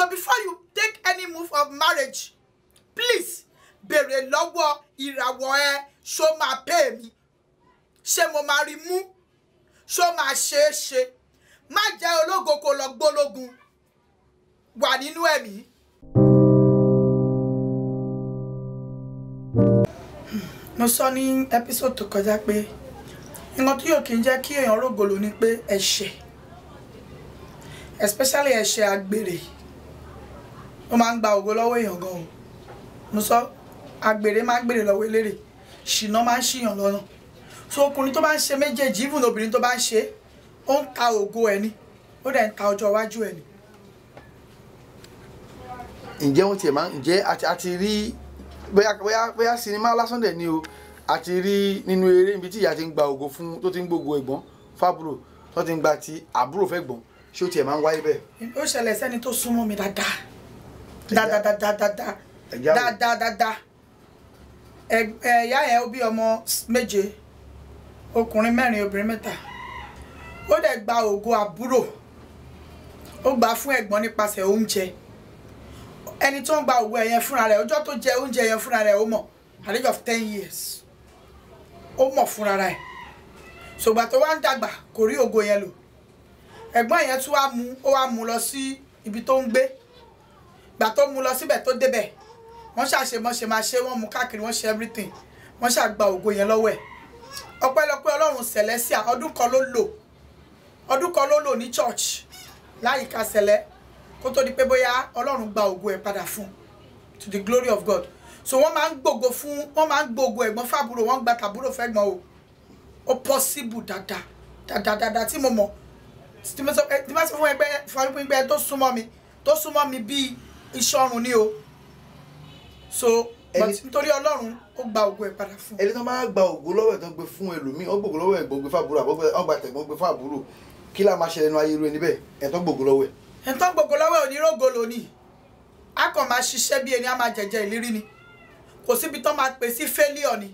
so before you take any move of marriage please béèrè lọ́wọ́ ìràwọ̀ ẹ ṣó máa pè mí ṣé mo máa rí mú ṣó máa ṣeé ṣe má jẹ́ ológo kó lọ gbólógun wà nínú ẹ̀mí. mo sọ ní ẹ́písòdù tó kọjá pé nǹkan tí yóò kí n jẹ́ kí èèyàn rògbòlò ni pé ẹ̀ṣẹ̀ especially ẹ̀ṣẹ̀ àgbèrè wọ́n máa ń gba ògo lọ́wọ́ èèyàn gan o mo sọ agbèrè máa ń gbèrè lọ́wọ́ elérè ṣìnà máa ń ṣìyàn lọ́nà so ọkùnrin tó bá ń ṣe méjèèjì even obìnrin tó bá ń ṣe ó ń ta ògo ẹ̀ ni ó dẹ̀ ń ta ọjọ́ iwájú ẹ̀ ni. ǹjẹ́ wọ́n tiẹ̀ máa ń jẹ́ àti rí bóyá bóyá bóyá sinimá lásán dẹ̀ ni o àti rí nínú eré ibi tí ìyá ti ń gba ògo fún tó ti ń gbogbo ẹ̀gbọ́n fábúrò tó ti ń gba ti àbúrò fẹ́ gbọ́n ṣé ó tiẹ̀ máa ń wáyé bẹ́ẹ̀. ó ṣẹlẹ̀ sẹ́ni tó súnmọ́ mi dáadáa dáadáadáadáa dáadáadáa ẹ̀yà yẹn ó bí ọmọ méje ọkùnrin mẹ́rin obìnrin mẹ́ta ó dẹ̀ gba ògo àbúrò ó gbà fún ẹ̀gbọ́n nípasẹ̀ oúnjẹ ẹni tó ń gba ògo ẹ̀yẹn fúnra rẹ̀ ọjọ́ tó jẹ oúnjẹ yẹn fúnra rẹ̀ ó mọ̀ at of ten years ó mọ̀ fúnra rẹ̀ ṣùgbọ́n tó wá ń dàgbà kò rí ògo yẹn lò ẹ̀gbọ́n yẹn tún wá mú ó wá mú lọ sí ibi tó ń gbé gbà tó mú lọ síbẹ̀ tó débẹ̀ wọ́n ṣàṣe mọ́ ṣe máa ṣe wọ́n mú káàkiri wọ́n ṣe everything wọ́n ṣàgbà ògo yẹn lọ́wọ́ ẹ̀ ọpẹ́lọpẹ́ ọlọ́run sẹ̀lẹ́síà ọdún kan ló lò ọdún kan ló lò ní church láyìíká sẹ̀lẹ́ kó tó di pé bóyá ọlọ́run gba ògo ẹ̀ padà fún to the glory of God so wọ́n máa ń gbògo fún wọ́n máa ń gbògo ẹ̀gbọ́n fàbúrò wọ́n gba tàbúrò fẹ́gbọ́n o ó possible dáadáa dáadáa dáadáa tí mo mọ̀ tí mo sọ fún ẹgbẹ́ fún ẹgbẹ́ tó súnmọ́ mi tó súnmọ́ mi bíi ìṣọrun ni o so nítorí ọlọ́run ó gba ògo ẹ̀ padà fún un. ẹni tó máa gba ògo lọ́wọ́ ẹ̀ tó gbé fún ẹlòmíì ó gbògo lọ́wọ́ ẹ̀ gbògbé fàbúrò àbọ̀gbà tẹ̀gbọ́n gbé fàbúrò kí la máa ṣe lẹ́nu ayé irú ẹni bẹ́ẹ̀ ẹ̀ tó gbògo lọ́wọ́ ẹ̀. ẹ̀ tó gbògo lọ́wọ́ ẹ̀ onírógo lónìí a kàn máa ṣiṣẹ́ bí ẹni a máa jẹ̀jẹ̀ ìlérí ni kò síbi tó máa pè sí failure ni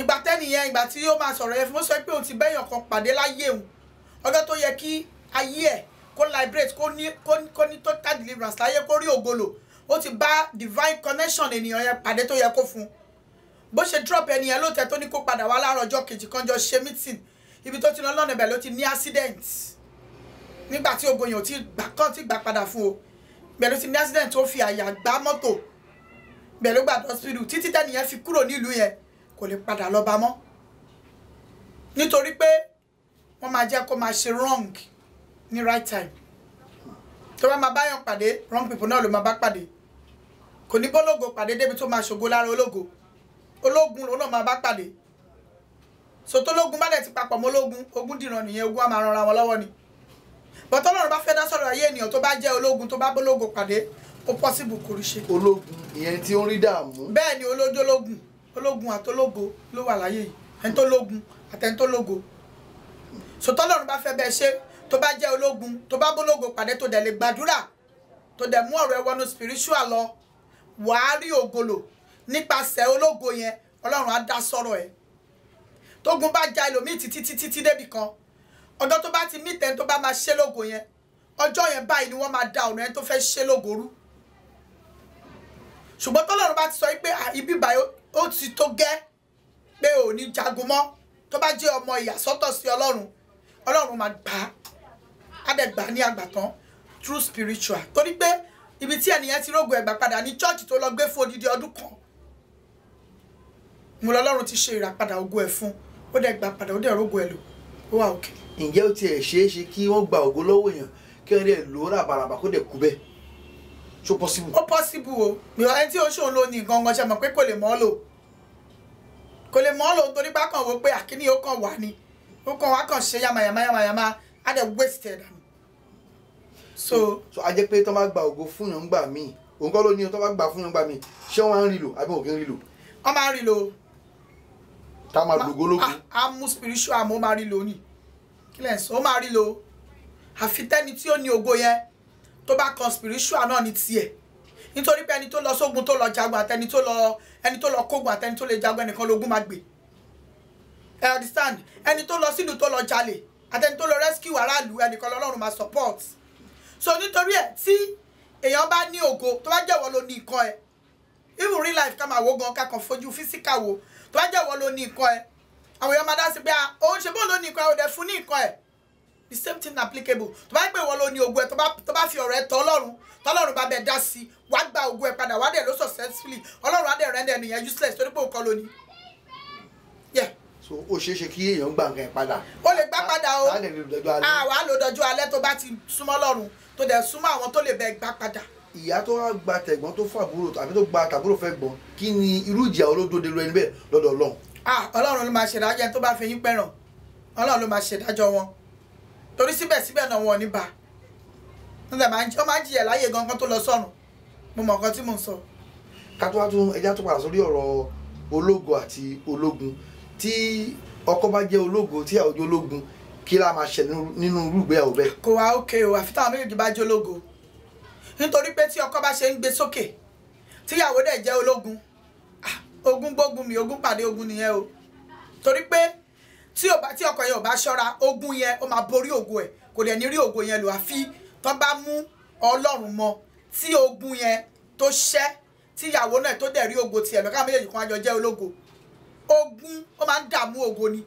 ìgbà tẹ́nìyẹn ìgbà tí yóò máa sọ̀rọ̀ yẹn fún ó sọ pé òun ti bẹ́yàn kan pàdé láyé òun ọjọ́ tó kó liberate kó ní kó ní total deliverance láyé kó rí ògolo ó ti bá divine connection ènìyàn yẹn pàdé tó yẹ kó fún bó ṣe drop ẹni yẹn lóòótọ́ tó ní kó padà wá láàárọ̀ ọjọ́ kejì kan jọ ṣe meeting ibi tó ti lọ lọ́nà ibẹ̀ ló ti ní accident nígbà tí ogun yẹn ò ti gbà kán ti gbà padà fún o bẹ́ẹ̀ ló ti ní accident tó fi àyà gbá mọ́tò bẹ́ẹ̀ ló gbà hospital títí tẹ́nìyẹn fi kúrò nílùú yẹn kò lè padà lọ bá mọ́ nítorí pé wọ́n máa jẹ́ kó máa ṣe wrong ní right time tó bá máa báyàn pàdé wrong people náà ló máa bá pàdé kò ní bólógo pàdé débi tó máa ṣògo lára ológo ológun ló náà máa bá pàdé so tólógun bá dẹ̀ ti papọ̀ mọ́ ológun ogun dìran nìyẹn ogun á máa ranra wọn lọ́wọ́ ni but Ọlọ́run bá fẹ́ dá sọ̀rọ̀ ayé ènìyàn tó bá jẹ́ ológun tó bá bólógo pàdé ó possible kò rí ṣe. ológun ìyẹn tí ó ń rí dààmú. bẹ́ẹ̀ ni olójó ológun ológun àtológo ló wà láyé yìí ẹni tó lógun àtẹni tó lógo bá fẹ́ bẹ́ẹ̀ ṣe tó bá jẹ́ ológun tó bá bólógo pàdé tó dẹ̀ lè gbàdúrà tó dẹ̀ mú ọ̀rọ̀ ẹ wọnú spiritual lọ wàá rí ògolo nípasẹ̀ ológo yẹn ọlọ́run á dá sọ̀rọ̀ ẹ̀ tógun bá ja ẹlòmíì títí títí tí débi kan ọjọ́ tó bá ti mí tẹ́ tó bá máa ṣe lógo yẹn ọjọ́ yẹn báyìí ni wọ́n máa da ọ̀nà ẹni tó fẹ́ ṣe lógo rú ṣùgbọ́n tọ́lọ́run bá ti sọ pé ibi báyìí ó ti tó gẹ́ pé ò ní jagun mọ́ tó bá jẹ́ ọmọ ìyàsọ́tọ̀ sí ọlọ́run ọlọ́run máa gbà adẹ̀gbà ní àgbà tán true spiritual torí pé ibi tí ẹnìyẹn ti rógo ẹ̀gbà padà ní chọ́ọ̀chì tó lọ gbé fún odidi ọdún kan mo lọ́lọ́run ti ṣe ìràpadà ògo ẹ̀ fún ó dẹ̀ gbà padà ó dẹ̀ rógo ẹ̀ lò ó wà òkè. ǹjẹ́ ó tiẹ̀ ṣeé ṣe kí wọ́n gba ògo lọ́wọ́ èèyàn kí wọ́n dẹ̀ lò ó ràbàràbà kó dẹ̀ kú bẹ́ẹ̀ so possible. ó possible o ẹni tí ó ṣòun ló ní gangan ṣe mọ̀ pé kò lè mọ́ lò kò lè mọ́ lò nítorí bá kàn pé àkíní ó kàn wà ni ó kàn wá kàn ṣe yàmàyàmàyàmà á dẹ̀ waste ẹ̀ so so a jẹ́ pé tó máa gba ògo fún yàn gbà míì òun kọ́ ló ní tó máa gba fún yàn gbà míì ṣé wọ́n máa ń rí lò àbí wọn kì í rí lò. wọ́n máa ń rí lò. ká máa lògo lógo. a mú spiritual mo máa rí lò ní kí lẹ́yìn sọ ó máa rí lò àfi tẹ́ni tí ó ní ògo yẹn tó bá kan spiritual náà ní tiẹ̀ nítorí pé ẹni tó lọ sógun tó lọ jagun àtẹni tó lọ ẹni tó lọ kógun àtẹni tó lè jagun ẹnìkan lógun máa gbé ẹ understand ẹni tó lọ sílùú tó lọ jalè àtẹni tó lọ rescue aráàlú ẹnìkan lọ́lọ́run máa support so nítorí ẹ̀ tí èèyàn bá ní ògo tó bá jẹ́wọ́ ló ní nǹkan ẹ̀ even real life ká máa wo gan ká kàn fojú físíkà wo tó bá jẹ́wọ́ ló ní nǹkan ẹ̀ àwọn èèyàn máa dá sí pé òun ah, ṣe bóun ló ní nǹkan ẹ̀ ò dẹ̀ fún ní nǹkan ẹ̀ the same thing applicable tó bá gbé ìwọ lo ní ogun ẹ tó bá fi ọ̀rọ̀ ẹ tọ Ọlọ́run tọ́lọ́run bá bẹ dá sí wàá gba ogun ẹ padà wàá dẹ ló successfully Ọlọ́run á dẹ rẹ ẹni yẹn useless torí pé òun kọ́ ló ní. so ó ṣeé ṣe kí èèyàn gbà padà. o lè gbà padà o àwa ló dọjú alẹ́ tó bá ti súnmọ́ Ọlọ́run tó dẹ̀ súnmọ́ àwọn tó lè bẹ gbá padà. ìyá tó wá gba tẹ̀gbọ́n tó fún àbúrò àbí tó gba tàbúrò fẹ́ gbọ́n kí ni irú ìjìyà olódòde lu ẹni bẹ́ẹ̀ lọ́dọ̀ ọlọ́run. ah ọlọ́run ló máa ṣèdájọ́ ẹni tó bá fẹyín pẹ́ràn ọlọ́run ló máa ṣèdájọ́ wọn torí síbẹ̀síbẹ̀ náà wọn ò ní bá ó máa ń jìyà láyé gangan tó lọ sọ́run mo mọ̀ nǹkan tí mò ń sọ. ká tó wá tún ẹja tó padà sórí ọ̀rọ̀ ológo àti ológun tí ọkọ bá jẹ́ ológo tí ìyàwó ológun kí la máa ṣe nínú irúgbéyàwó bẹ́ẹ̀. kò wá òkè o àfi táwọn méjèèjì bá jẹ́ ológo nítorí pé tí ọkọ bá ṣe ń gbé sókè tíyàwó dẹ̀ jẹ́ ológun ah, ogun gbógun mi ogun pàdé ogun nìyẹn o torí pé tí ọkọ yẹn ò bá ṣọ́ra ogun yẹn ó máa borí ògo ẹ̀ kò dẹ̀ ní rí ògo yẹn lò àfi tó bá mú ọlọ́run mọ tí ogun yẹn tó ṣẹ́ tíyàwó náà tó dẹ̀ rí ògo tiẹ̀ lọ́kàn méjèèjì kan á jẹ́ ológo ogun ó máa ń dààmú ògo ni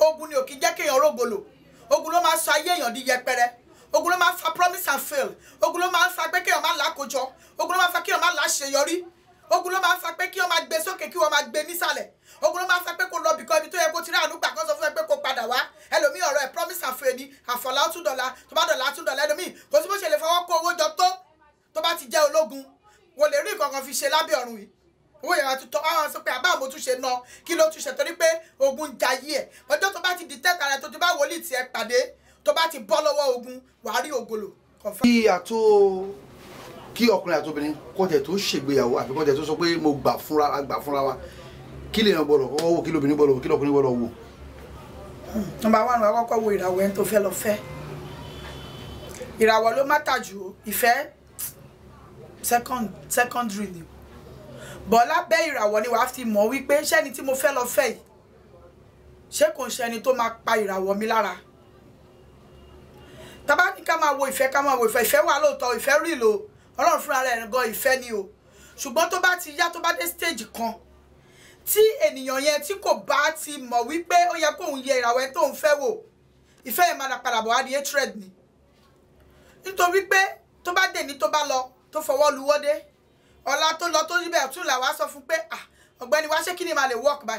ogun ni ò kì í jẹ́ kéèyàn rógolo ogun ló máa sọ ayé èèyàn di yẹpẹrẹ ogun ló máa fa promise and fail ogun ló máa fa pé kéèyàn má lákòjọ ogun ló máa fa kéèyàn má láṣeyọrí ogun ló máa fa pé kí wọ́n máa gbé sókè kí wọ́n máa gbé nísàlẹ̀ ogun ló máa fa pé kó lọ bìkan ibi tó yẹ kó ti rí àánúgbà kan sọ fún ẹ pé kó padà wá ẹlòmíì ọ̀rọ̀ promise and fail ni àfọ̀lá tún dọ̀la tó bá dọ̀la tún dọ̀la ẹlòmíì kò sí mo ṣe lè fọwọ́ kó owó jọ tó tó bá ti jẹ́ ológun wo le rí nǹkan kan fi ṣe lábẹ́ ọ̀run yìí owó yẹn wá tún tọ́ ọ́ sọ pé àbá àmọ́ tún ṣe ná kí ló tún ṣe torí pé ogun ń jayé ẹ̀ ọjọ́ tó bá ti detect ara tó ti bá wòlíì tiẹ̀ pàdé tó bá ti bọ́ lọ́wọ́ ogun wàá rí ògolo. kí àtó kí ọkùnrin àti obìnrin kọjá tó ṣègbéyàwó àfi kọjá tó sọ pé mo gbà fúnra gbà fúnra wa kí lèèyàn gbọ́dọ̀ kọ́kọ́ wò kí lóbìnrin gbọ́dọ̀ wò kí lọkùnrin gbọ́dọ̀ wò. nọ́mbà wa nùwà kọ́kọ́ wo ìràwọ̀ ẹni tó fẹ́ lọ fẹ́ ìràwọ̀ ló má tà jù ìfẹ́ secondary ni bọ̀ lábẹ́ ìràwọ̀ ni wàá fi mọ̀ wípé ṣẹ́ni tí mo fẹ́ lọ fẹ́ yìí ṣé kò ń ṣẹni tó máa pa ìràwọ̀ mi lára tàbá ní ká máa wo ìfẹ́ ká máa wo ìfẹ́ ìfẹ́ wà lóòótọ́ ìfẹ́ rí lo ọlọ́run fúnra rẹ̀ gan ìfẹ́ ni o ṣùgbọ́n tó bá ti yá tó bá dé stage kan tí ènìyàn yẹn tí kò bá ti mọ̀ wípé ó yẹ kóun yẹ ìràwọ̀ ẹ tóun fẹ́ wò ìfẹ́ yẹn máa padà bọ̀ wá di hatred ni nítorí pé tó bá dè ní tó bá lọ tó fọwọ́ luwọ́ dé ọ̀la tó lọ tó rí bẹ́ẹ̀ tún là wá sọ fún pé ah, ọ̀gbẹ́ni wá ṣé kí ni màá lè work by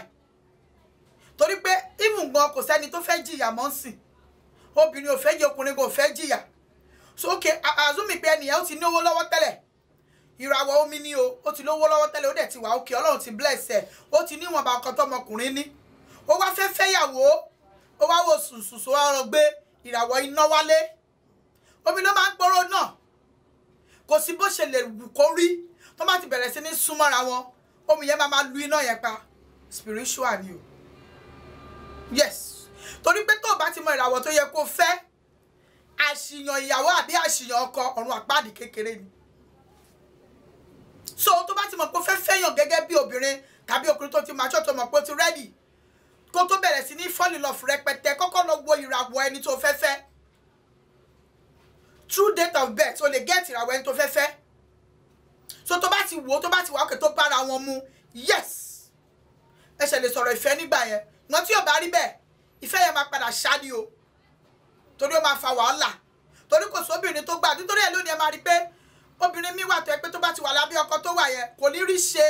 torí pé even gan kò sẹ́ni tó fẹ́ jìyà mọ́ ń sìn obìnrin ò fẹ́ jẹ ọkùnrin kò fẹ́ jìyà sókè àzúmi pé ẹnìyẹn ó ti ní owó lọ́wọ́ tẹ́lẹ̀ ìràwọ̀ omi ni o ó ti lówó lọ́wọ́ tẹ́lẹ̀ ó dẹ̀ ti wà òkè ọlọ́run ti bless ẹ̀ ó ti níwọ̀nba ọkọ tọmọkùnrin ní ó wá fẹ́ fẹ́yàwó ó wá wo sùnsùnsùn ọrọ̀ gbé ìràwọ̀ iná wálé omi ló máa ń gbóró náà kò sí bó ṣe lè wù kó rí tó bá ti bẹ̀rẹ̀ sí ní súnmọ́ra wọn omi yẹn máa lu iná yẹn pa spiritual ni o yes torí pé tó o bá ti mọ ìràwọ̀ tó yẹ kó o fẹ́ àṣìyàn ìyàwó àbí àṣìyàn ọkọ ọ̀run àpáàdì kékeré ni so tó bá ti mọ̀ pé ó fẹ́ fẹ́yàn gẹ́gẹ́ bí obìnrin tàbí ọkùnrin tó ti máa ṣọ́ tó mọ̀ pé ó ti rẹ́dì kó tó bẹ̀rẹ̀ sí ní fall in love rẹpẹtẹ kọ́kọ́ lọ wo ìràwọ̀ ẹni tó fẹ́ fẹ́ true date of birth o lè get ìràwọ̀ ẹni tó fẹ́ fẹ́ so tó bá ti wò tó bá ti wà òkè tó bára wọn mu yes ẹ ṣe lè sọ̀rọ̀ ìfẹ́ nígbà yẹn wọn tí yóò bá rí bẹ́ẹ̀ ìfẹ́ yẹn máa padà ṣáàdì o torí ó máa fa wàhálà torí kò sí obìnrin tó gbà nítorí ẹ̀ lónìí ẹ máa rí pé obìnrin mi wà tó ẹ pé tó bá ti wà lábẹ́ ọkọ tó wà yẹn kò ní rí ṣe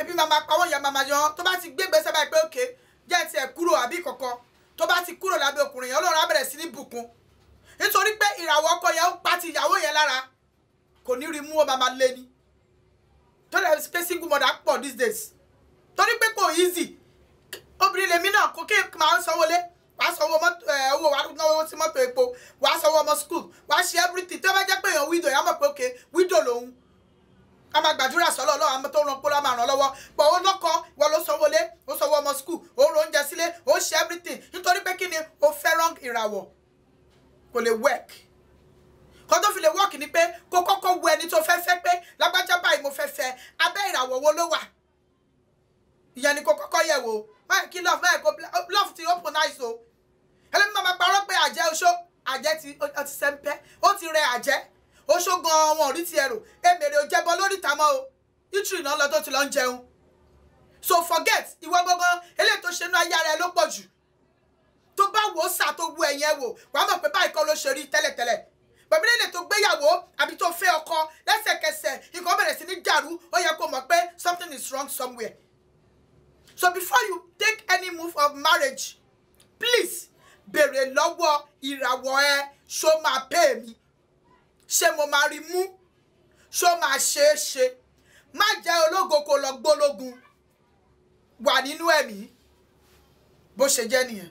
ebi màmá pawọ́ yẹn màmá yan tó bá ti gbé gbèsè báyìí pé òkè jẹ́ tiẹ̀ kúrò àbí kankan tó bá ti kúrò lábẹ́ ọkùnrin yẹn Ọlọ́run á bẹ̀rẹ̀ sí ní bùkún nítorí pé ìràwọ̀ ọkọ yẹn ó pa ti ìyàwó yẹn lára kò ní rí mú ó bá máa lé ni torí ẹ pé single mother pọ̀ these days torí pé kò easy obìnrin lèmi náà kò kí máa ń sanwó lé wàá sanwó mọ́tò ẹ̀ owó wàá náwó sí mọ́tò epo wàá sanwó ọmọ school wàá ṣe everything tó bá jẹ́ pé èèyàn widow yà mọ̀ pé okay widow lòun a máa gbàdúrà sọ́lọ́ ọlọ́run àmọ́ tó ń ran pọ́lọ́ máa ràn lọ́wọ́ pọ̀ ó lọ́kọ wọ́n ló sanwó lé ó sanwó ọmọ school ó ro oúnjẹ sílé ó ṣe everything nítorí pé kí ni o fẹ́ ìràwọ̀ kò lè work kó tó fi lè wọ́ọ̀kì ni pé kó kọ́kọ́ wo ẹni tó fẹ́ fẹ́ pé lágbájá báyìí mo fẹ́ fẹ́ abẹ́ ìràwọ̀ wo ló wà ìyẹn ni kó kọ́kọ́ yẹ̀ wò báyìí kí love báyìí kó love ti open eyes o ẹlẹ́mi máa máa parọ́ pé àjẹ́ oṣó àjẹ́ ti sẹ́ńpẹ́ ó ti rẹ àjẹ́ oṣó gan-an wọn ò rí ti ẹrù èmèrè ò jẹ́bọ lórí ìtàmọ́ o yútùrì náà lọ tó ti lọ ń jẹun so forget ìwọ gbogbo eléyìí tó ṣe inú ayé ara ẹ ló pọ̀ jù tó bá wò ó sà tó wú ẹ̀yẹn wò wàá mọ̀ pé báyìí kọ́ ló ṣe rí tẹ́lẹ̀tẹ́lẹ̀ bọ̀mílẹ́lẹ̀ tó gbéyàwó àbí tó fẹ́ ọkọ lẹ́sẹ̀kẹsẹ̀ nǹkan bẹ̀rẹ̀ sí ní dàrú ó yẹ kó mọ̀ pé something is wrong somewhere so before you take any move of marriage please béèrè lọ́wọ́ ìràwọ̀ ẹ ṣó máa pè mí ṣé mo máa rí mú ṣó máa ṣe é ṣe má jẹ́ ológo kó lọ gbólógun wà nínú ẹ̀mí bó ṣe jẹ́ nìyẹn.